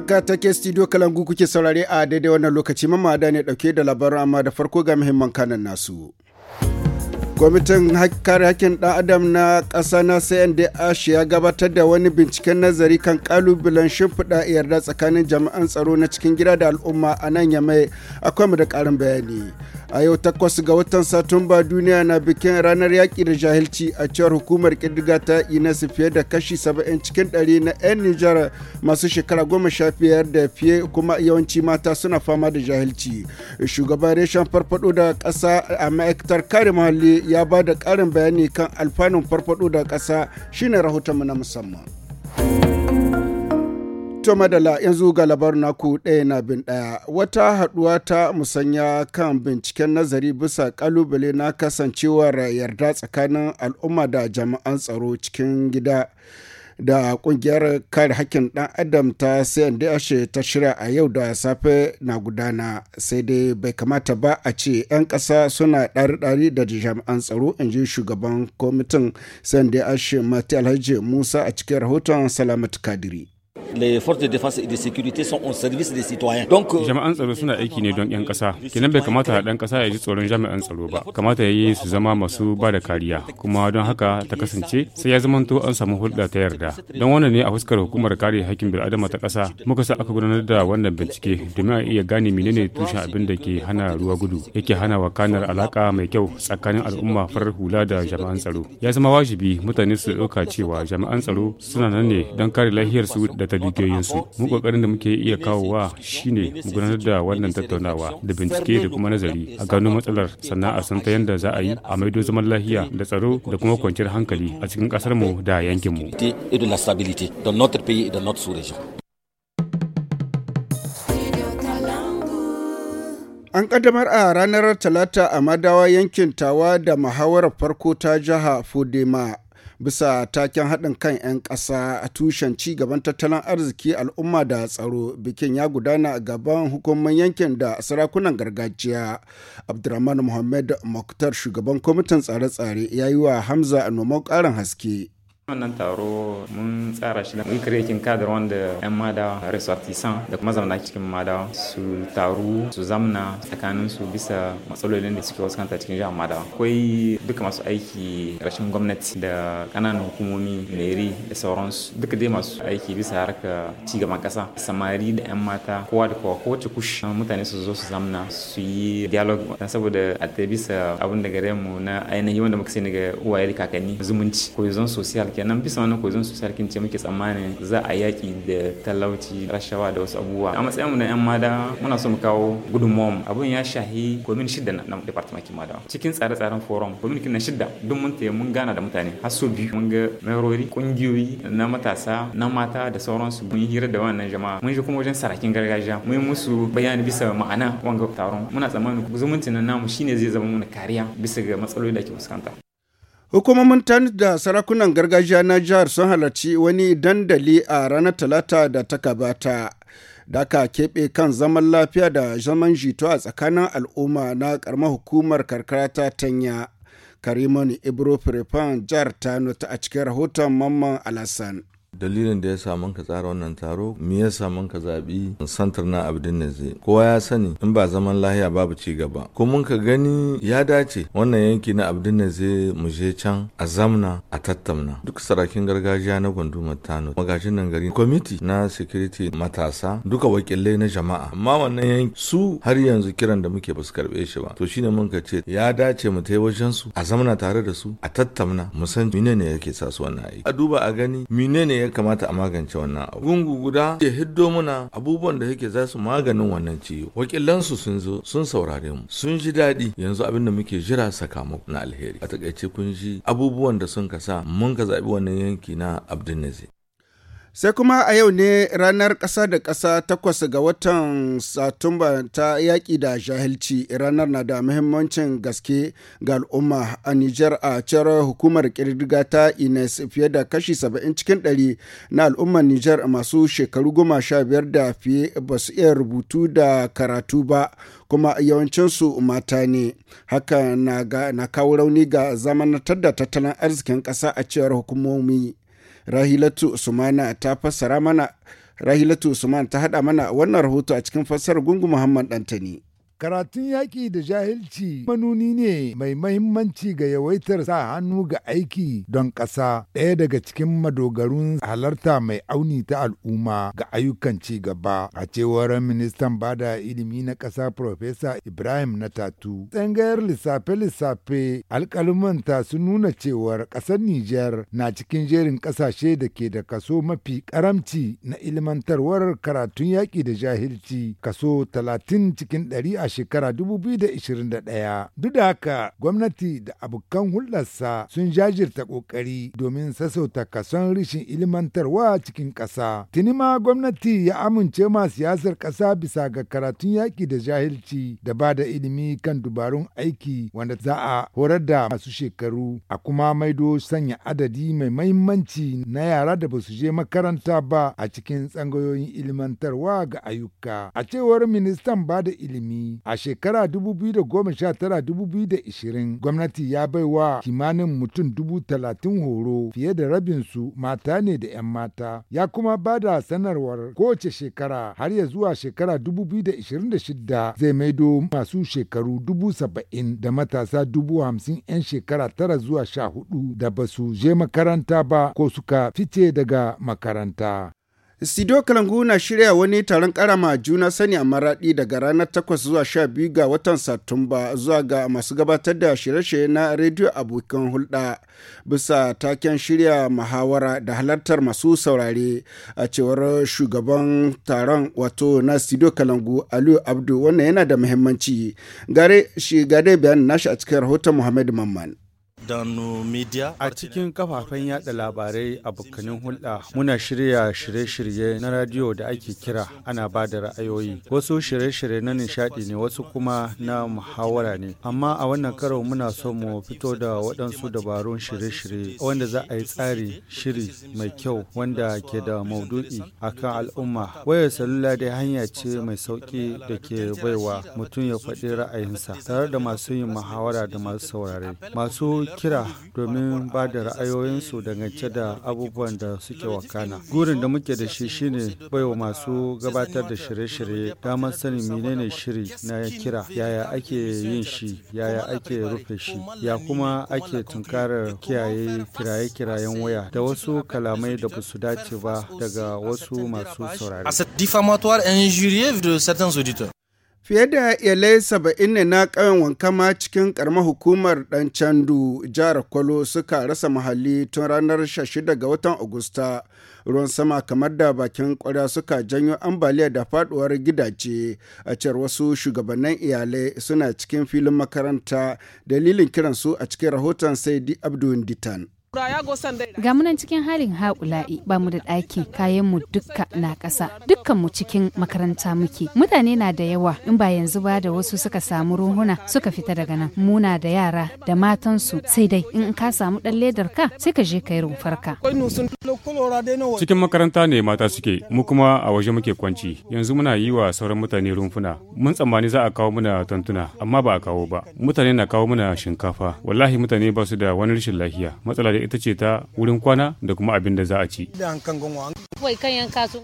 ta ke studio kalangu kuke saurare a daidai wannan lokaci mamada ne dauke da labarin amma da farko ga muhimman kanan nasu. Kwamitin kare hakkin ɗan adam na ƙasa na CNDH ya gabatar da wani binciken nazari kan ƙalubalen shimfiɗa yarda tsakanin jami'an tsaro na cikin gida da al'umma a nan yamai akwai mu da ƙarin bayani. a yau takwas ga watan satumba duniya na bikin ranar yaƙi da jahilci a cewar hukumar ƙirga ta inas fiye da kashi 70 cikin ɗari na 'yan nijar masu shekara goma sha biyar da fiye kuma yawanci mata suna fama da jahilci shugaban reshen farfado da ƙasa a ma'aikatar kare muhalli ya ba da ƙarin bayani kan alfanun farfado da ƙasa shine rahoton mu na musamman. To madala yanzu ga naku ɗaya na bin ɗaya wata haɗuwa ta musanya kan binciken nazari bisa ƙalubale na kasancewar yarda tsakanin al'umma da jami'an tsaro cikin gida. da ƙungiyar kare hakkin ɗan adam ta cndh ta shirya a yau da safe na gudana sai dai bai kamata ba a ce 'yan ƙasa suna ɗari-ɗari da jami'an tsaro in ji shugaban kwamitin cndh mati alhaji musa a cikin rahoton salamat kadiri les forces de défense et de sécurité sont au service des citoyens. Euh, jami'an tsaro suna aiki ne don 'yan kasa. Kenan bai kamata dan kasa ya ji tsoron jami'an tsaro ba. Kamata ya yi su zama masu ba da kariya. Kuma don haka ta kasance sai ya zamanto an samu hulɗa ta yarda. Don wannan ne a fuskar hukumar kare hakkin adama ta ƙasa muka sa aka gudanar da wannan bincike domin a iya gane menene tushen abin da ke hana ruwa gudu yake hana kanar alaka mai kyau tsakanin al'umma farar hula da jami'an tsaro. Ya zama wajibi mutane su ɗauka cewa jami'an tsaro suna nan ne don kare lafiyarsu da ta yansu mu kokarin da muke iya kawowa shine mu gudanar da wannan tattaunawa da bincike da kuma nazari a gano matsalar sannan a san ta yadda za a yi a maido zaman lafiya da tsaro da kuma kwanciyar hankali a cikin kasar mu da yankin mu An kaddamar a ranar Talata a Madawa yankin Tawa da muhawarar farko ta jiha Fudema bisa taken haɗin kan 'yan ƙasa a tushen ci gaban tattalin arziki al'umma da tsaro bikin ya gudana a gaban hukumar yankin da sarakunan gargajiya abdulrahman muhammad Moktar shugaban kwamitin tsare-tsare ya yi wa hamza noman ƙarin haske wannan taro mun tsara shi mun kin kadar wanda 'yan madawa resortisan da kuma zamana cikin mada. su taru su zamna tsakanin su bisa matsalolin da suke wasu cikin jihar mada. akwai duka masu aiki rashin gwamnati da kananan hukumomi meri da sauransu duka dai masu aiki bisa harka gaban kasa samari da 'yan mata kowa da kowa kowace kush mutane su zo su zamna su yi dialog dan saboda a bisa abin da gare mu na ainihi wanda muka sani ga uwaye da kakanni zumunci koyon social kenan bisa wani koyon su sarkin ce muke tsammanin za a yaki da talauci rashawa da wasu abubuwa a matsayin mu na yan mada muna so mu kawo gudunmuwan abun ya shahi komin shida na department kin mada cikin tsare-tsaren forum komin kin na shida duk mun taya mun gana da mutane har so biyu mun ga merori kungiyoyi na matasa na mata da sauransu mun hira da wannan jama'a mun je kuma wajen sarakin gargajiya mun yi musu bayani bisa ma'ana wanga taron muna tsammanin zumuncin nan namu shine zai zama mana kariya bisa ga matsaloli da ke fuskanta Hukumomin tani da sarakunan gargajiya na jihar sun halarci wani dandali a ranar Talata da ta gabata. da aka keɓe kan zaman lafiya da zaman jito a tsakanin al'umma na ƙaramar hukumar karkara ta tanya karimani ibro firifan jihar tano ta a cikin rahoton mamman Alhassan. dalilin da ya samu ka tsara wannan taro me ya samu ka zaɓi santar na abdin naze kowa ya sani in ba zaman lahiya babu ci gaba ko mun ka gani ya dace wannan yanki na abdin naze mu je can a zamna a tattauna duk sarakin gargajiya na gundumar tano magajin nan gari kwamiti na security matasa duka wakilai na jama'a amma wannan yanki su har yanzu kiran da muke basu karɓe shi ba to shine mun ka ce ya dace mu tai wajen su a zamna tare da su a tattauna mu san menene yake sa su wannan aiki a duba a gani menene ya kamata a magance wannan abu gungu guda ya hiddo muna abubuwan da yake za su maganin wannan ciwo wakilansu sun zo sun saurare mu sun ji daɗi yanzu abin da muke jira sakamako na alheri a takaice kun ji abubuwan da sun kasa mun ka zaɓi wannan yanki na abdulnazi sai kuma a yau ne ranar ƙasa da ƙasa takwas ga watan satumba ta yaƙi da jahilci ranar na da muhimmancin gaske ga al'umma a niger a cewar hukumar ƙirƙirga ta ines fiye da kashi 70 cikin ɗari na al'ummar niger masu shekaru goma sha biyar da fiye ba su iya rubutu da karatu ba kuma yawancinsu mata ne haka na, kawo rauni ga zamanantar da tattalin arzikin ƙasa a cewar hukumomi rahilatu usmana ta fassara mana rahilatu usman ta haɗa mana wannan rahoto a cikin fassarar gungu muhammad dantani Karatun yaƙi da jahilci manuni ne mai mahimmanci ga yawaitar sa hannu ga aiki don ƙasa ɗaya daga cikin madogarun halarta mai auni ta al'umma ga ayyukan ci gaba a cewar ministan bada ilimi na ƙasa Profesa Ibrahim Natatu. Tsangayar lissafe-lissafe alƙalmanta su nuna cewar ƙasar Nijar na cikin jerin ƙasashe da ke da kaso mafi ƙaramci na ilmantarwar karatun yaƙi da jahilci kaso talatin cikin ɗari a a shekara 2021. Duk da haka gwamnati da abokan hulɗarsa sun jajirta ƙoƙari domin sassauta kason rishin ilimantarwa cikin ƙasa. Tuni ma gwamnati ya amince ma siyasar ƙasa bisa ga karatun yaƙi da jahilci da ba da ilimi kan dubarun aiki wanda za a horar da masu shekaru a kuma maido sanya adadi mai mahimmanci na yara da ba su je makaranta ba a cikin tsangayoyin ilimantarwa ga ayyuka. A cewar ministan ba da ilimi a shekara 2019-2020 gwamnati ya bai wa kimanin mutum dubu talatin horo fiye da rabin su mata ne da 'yan mata ya kuma ba da sanarwar kowace shekara har ya zuwa shekara 2026 zai maido masu shekaru dubu saba'in da matasa dubu hamsin 'yan shekara tara zuwa sha hudu da ba su je makaranta ba ko suka fice daga makaranta. Studio Kalangu na shirya wani taron karama juna sani a maraɗi daga ranar 8 zuwa 12 ga watan Satumba zuwa ga masu gabatar da shirye-shirye na rediyo abokan hulɗa bisa taken shirya muhawara da halartar masu saurare a cewar shugaban taron wato na Studio Kalangu Aliyu Abdu wannan yana da muhimmanci. Gare shi gade bayan nashi a cikin rahoton Muhammad Mamman. A cikin kafafen yada labarai a bukkanin hulɗa muna shirya shirye-shirye na radiyo da ake kira ana ba da ra'ayoyi. Wasu shirye-shirye na nishaɗi ne wasu kuma na muhawara ne. Amma a wannan karo muna so mu fito da waɗansu dabarun shirye-shirye wanda za a yi tsari shiri mai kyau wanda ke da maudu'i kan al'umma. Wayar salula dai hanya ce mai sauƙi da ke baiwa mutum ya faɗi ra'ayinsa tare da masu yin muhawara da masu saurare. Masu kira domin ba da ra'ayoyinsu dangance da abubuwan da suke wakana. Gurin da muke da shi shine baiwa masu gabatar da shirye-shirye damar sanin menene shiri na kira, yaya ake yin shi, yaya ake rufe shi, ya kuma ake tunkarar kiyaye kiraye-kirayen waya da wasu kalamai da ba su dace ba daga wasu masu saurari. Fiye da iyalai saba'in ne na ƙauyen Wankama cikin ƙarama hukumar ɗan Candu jihar Kwalo suka rasa muhalli tun ranar 16 ga watan Agusta. Ruwan sama kamar da bakin ƙwarya suka janyo ambaliya da faɗuwar gidaje a cewar wasu shugabannin iyalai suna cikin filin makaranta dalilin kiransu a cikin rahoton Saidi Abdu Ditan. Ga munan cikin halin haƙula'i ba mu da ɗaki kayanmu dukka na ƙasa dukkan mu cikin makaranta muke. Mutane na da yawa in ba yanzu ba da wasu suka samu ruhuna suka fita daga nan. Muna da yara da matansu sai dai in ka samu ɗan ledar ka sai ka je ka yi rumfarka. Cikin makaranta ne mata suke mu kuma a waje muke kwanci yanzu muna yi wa sauran mutane rumfuna. Mun tsammani za a kawo muna tantuna amma ba a kawo ba. Mutane na kawo muna shinkafa wallahi mutane ba su da wani rashin lafiya matsala da ita ce ta wurin kwana da kuma abin da za a ci.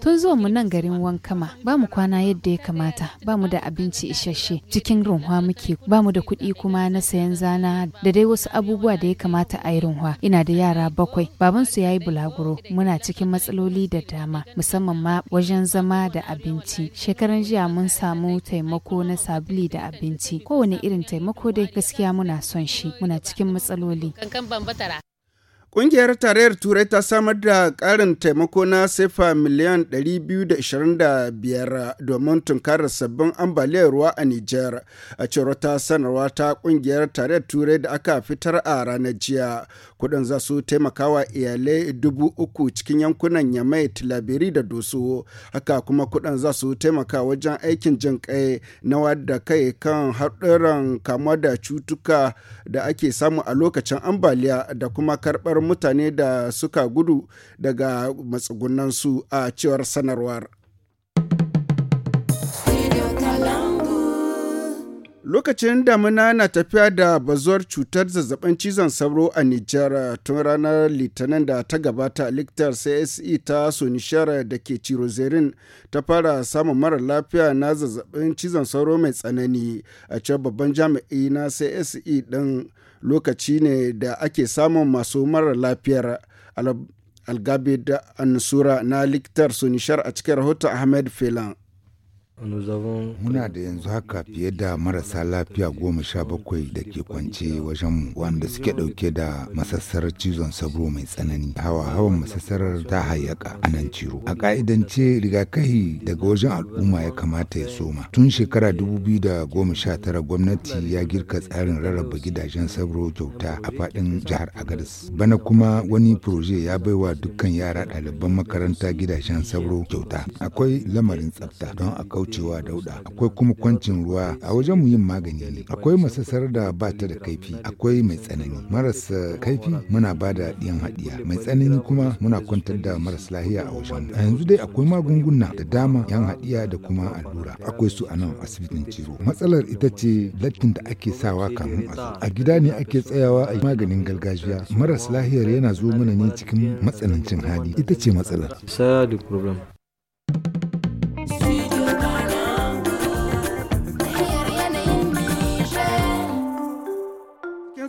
Tun zuwa mu nan garin wankama ba mu kwana yadda ya kamata ba mu da abinci isasshe cikin runhuwa muke ba mu da kuɗi kuma na sayan zana da dai wasu abubuwa da ya kamata a yi runhuwa ina da yara bakwai babansu ya yi bulaguro muna cikin matsaloli da dama musamman ma wajen zama da abinci shekaran jiya mun samu taimako na sabili da abinci kowane irin taimako dai gaskiya muna son shi muna cikin matsaloli. Ƙungiyar Tarayyar Turai ta samar da ƙarin taimako na sefa miliyan 225 domin tunkarar sabbin ambaliyar ruwa a Nijar, a cewar ta sanarwa ta ƙungiyar Tarayyar Turai da aka fitar a ranar jiya. Kuɗin za su taimaka wa iyalai dubu uku cikin yankunan Yamai, Tilabiri da Doso. Haka kuma kuɗin za su taimaka wajen aikin jin kai na wadda kai kan haɗuran kamuwa da cutuka da ake samu a lokacin ambaliya da kuma karɓar mutane da suka gudu daga matsugunansu a cewar sanarwar. Lokacin damuna na tafiya da bazuwar cutar zazzabin cizon sauro a Nijar tun ranar Litinin da ta gabata liktar CSE ta nishara da ke Cirozerin ta fara samun mara lafiya na zazzabin cizon sauro mai tsanani a cewa babban jami'i na CSE ɗin lokaci ne da ake samun masu mara lafiyar algabe da annusura na likitar sunishar a cikin rahoton ahmed felan Muna da yanzu haka fiye da marasa lafiya goma sha bakwai da ke kwance wajenmu wanda suke ɗauke da masassarar cizon sabro mai tsanani. Hawa-hawan masassarar ta hayyaka a nan ciro. A ƙa'idance rigakahi daga wajen al'umma ya kamata ya soma. Tun shekara dubu biyu da goma sha tara gwamnati ya girka tsarin rarraba gidajen sabro kyauta a faɗin jihar Agadis. Bana kuma wani proje ya baiwa dukkan yara ɗaliban makaranta gidajen sabro kyauta. Akwai lamarin tsafta don a kaucewa dauda akwai kuma kwancin ruwa a wajen mu yin magani ne akwai masasar da ba ta da kaifi akwai mai tsanani marasa kaifi muna ba da ɗiyan haɗiya mai tsanani kuma muna kwantar da maras lahiya a wajen a yanzu dai akwai magunguna da dama yan haɗiya da kuma allura akwai su a nan asibitin ciro matsalar ita ce lattin da ake sawa kamun a zo a gida ne ake tsayawa a maganin gargajiya maras lahiyar yana zo mana ne cikin matsanancin hali ita ce matsalar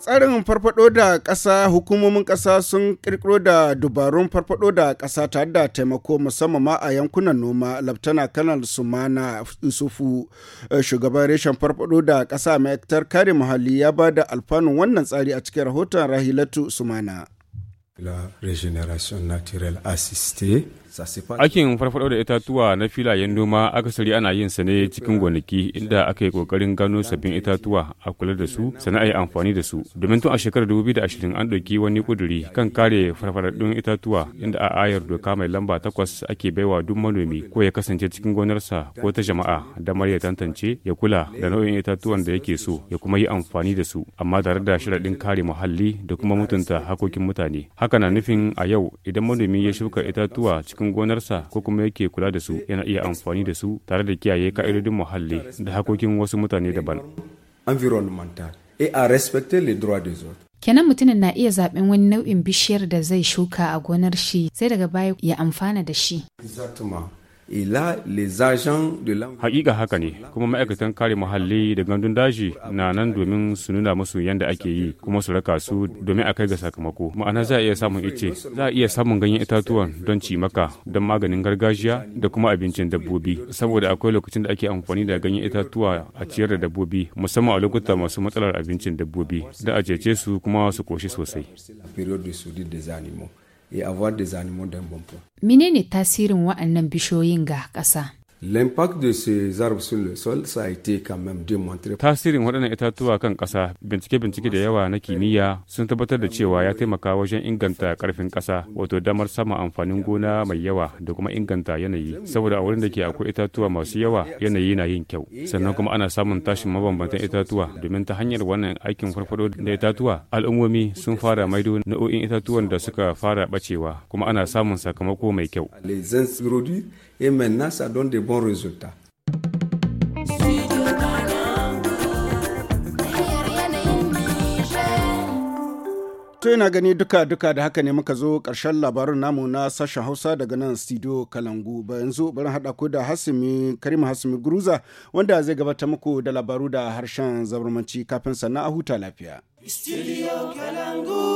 tsarin farfado da ƙasa hukumomin ƙasa sun ƙirƙiro da dubarun farfado da ƙasa tare da taimako musamman ma a yankunan noma laftana kanal sumana isufu eh, shugaban reshen farfado da ƙasa mai ma'aikatar kare muhalli ya ba da alfanun wannan tsari a cikin rahoton rahilatu sumana la regeneration naturelle Aikin farfado da itatuwa na filayen noma akasari ana yin sa ne cikin gonaki inda aka yi kokarin gano sabbin itatuwa a kula da su sana a yi amfani da su. Domin tun a shekarar 2020 an ɗauki wani kuduri kan kare farfaɗaɗɗun itatuwa inda a ayar doka mai lamba takwas ake baiwa duk manomi ko ya kasance cikin gonarsa ko ta jama'a damar ya tantance ya kula da nau'in itatuwan da yake so ya kuma yi amfani da su amma tare da sharaɗin kare muhalli da kuma mutunta hakokin mutane. Haka na nufin a yau idan manomi ya shuka itatuwa cikin cikin gonarsa ko kuma yake kula da su yana iya amfani da su tare da kiyaye ka'idodin muhalli da hakokin wasu mutane daban. kenan mutumin na iya zaɓen wani nau'in bishiyar da zai shuka a gonar shi sai daga baya ya amfana da shi. Haƙiƙa haka ne, kuma ma'aikatan kare muhalli da gandun daji na nan domin su nuna musu yadda ake yi kuma su raka su domin a kai ga sakamako. Ma'ana za a iya samun ice, za a iya samun ganyen itatuwan don cimaka, don maganin gargajiya da kuma abincin dabbobi. Saboda akwai lokacin da ake amfani da ganyen itatuwa a ciyar da dabbobi, musamman a lokuta masu matsalar abincin dabbobi, da a cece su kuma su koshi sosai. et avoir des animaux d'un bon poids. Menene tasirin wa'annan bishiyoyin ga ƙasa? L'impact de ces arbres sur le sol, ça a été quand même démontré. Tasirin waɗannan itatuwa kan ƙasa, bincike-bincike da yawa na kimiyya sun tabbatar da cewa ya taimaka wajen inganta ƙarfin ƙasa, wato damar sama amfanin gona mai yawa da kuma inganta yanayi. Saboda a wurin da ke akwai itatuwa masu yawa, yanayi na yin kyau. Sannan kuma ana samun tashin mabambantan itatuwa domin ta hanyar wannan aikin farfado da itatuwa, al'ummomi sun fara maido nau'o'in itatuwan da suka fara ɓacewa kuma ana samun sakamako mai kyau. Les bon résultat. To yana gani duka-duka da haka ne muka zo karshen labarin namu na sashen Hausa daga nan studio Kalangu. Ba yanzu bari haɗa ku da Hasimi Karim Hasimi Guruza wanda zai gabata muku da labaru da harshen zabarmanci kafin sannan a huta lafiya. Studio Kalangu.